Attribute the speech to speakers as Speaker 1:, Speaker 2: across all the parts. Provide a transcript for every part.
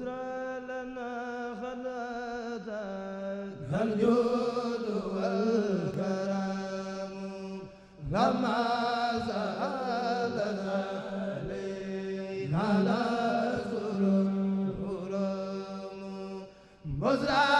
Speaker 1: العسرى لنا خلاتا فالجود والكرم لما سألنا عليه على سرور حرم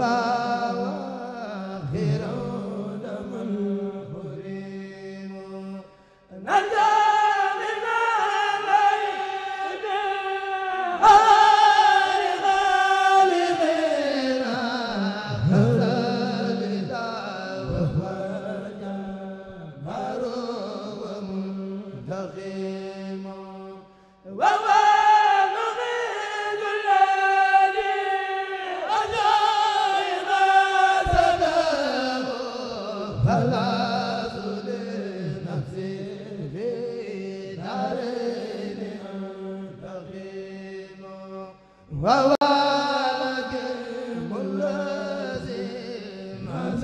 Speaker 1: baa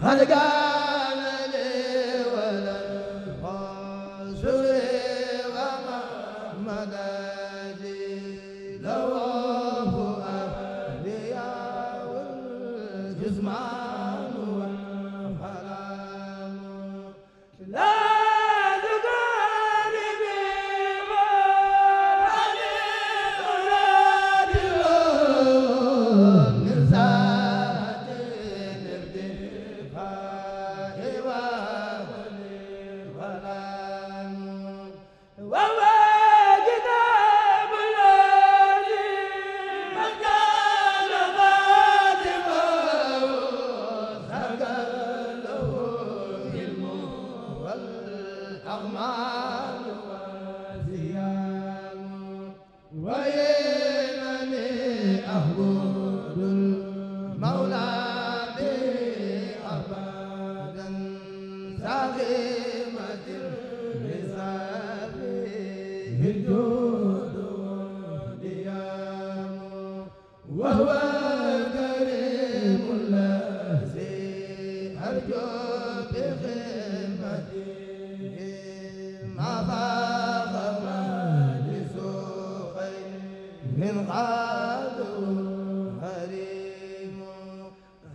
Speaker 1: Hallelujah jisma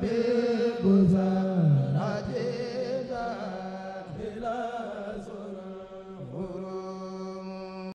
Speaker 1: be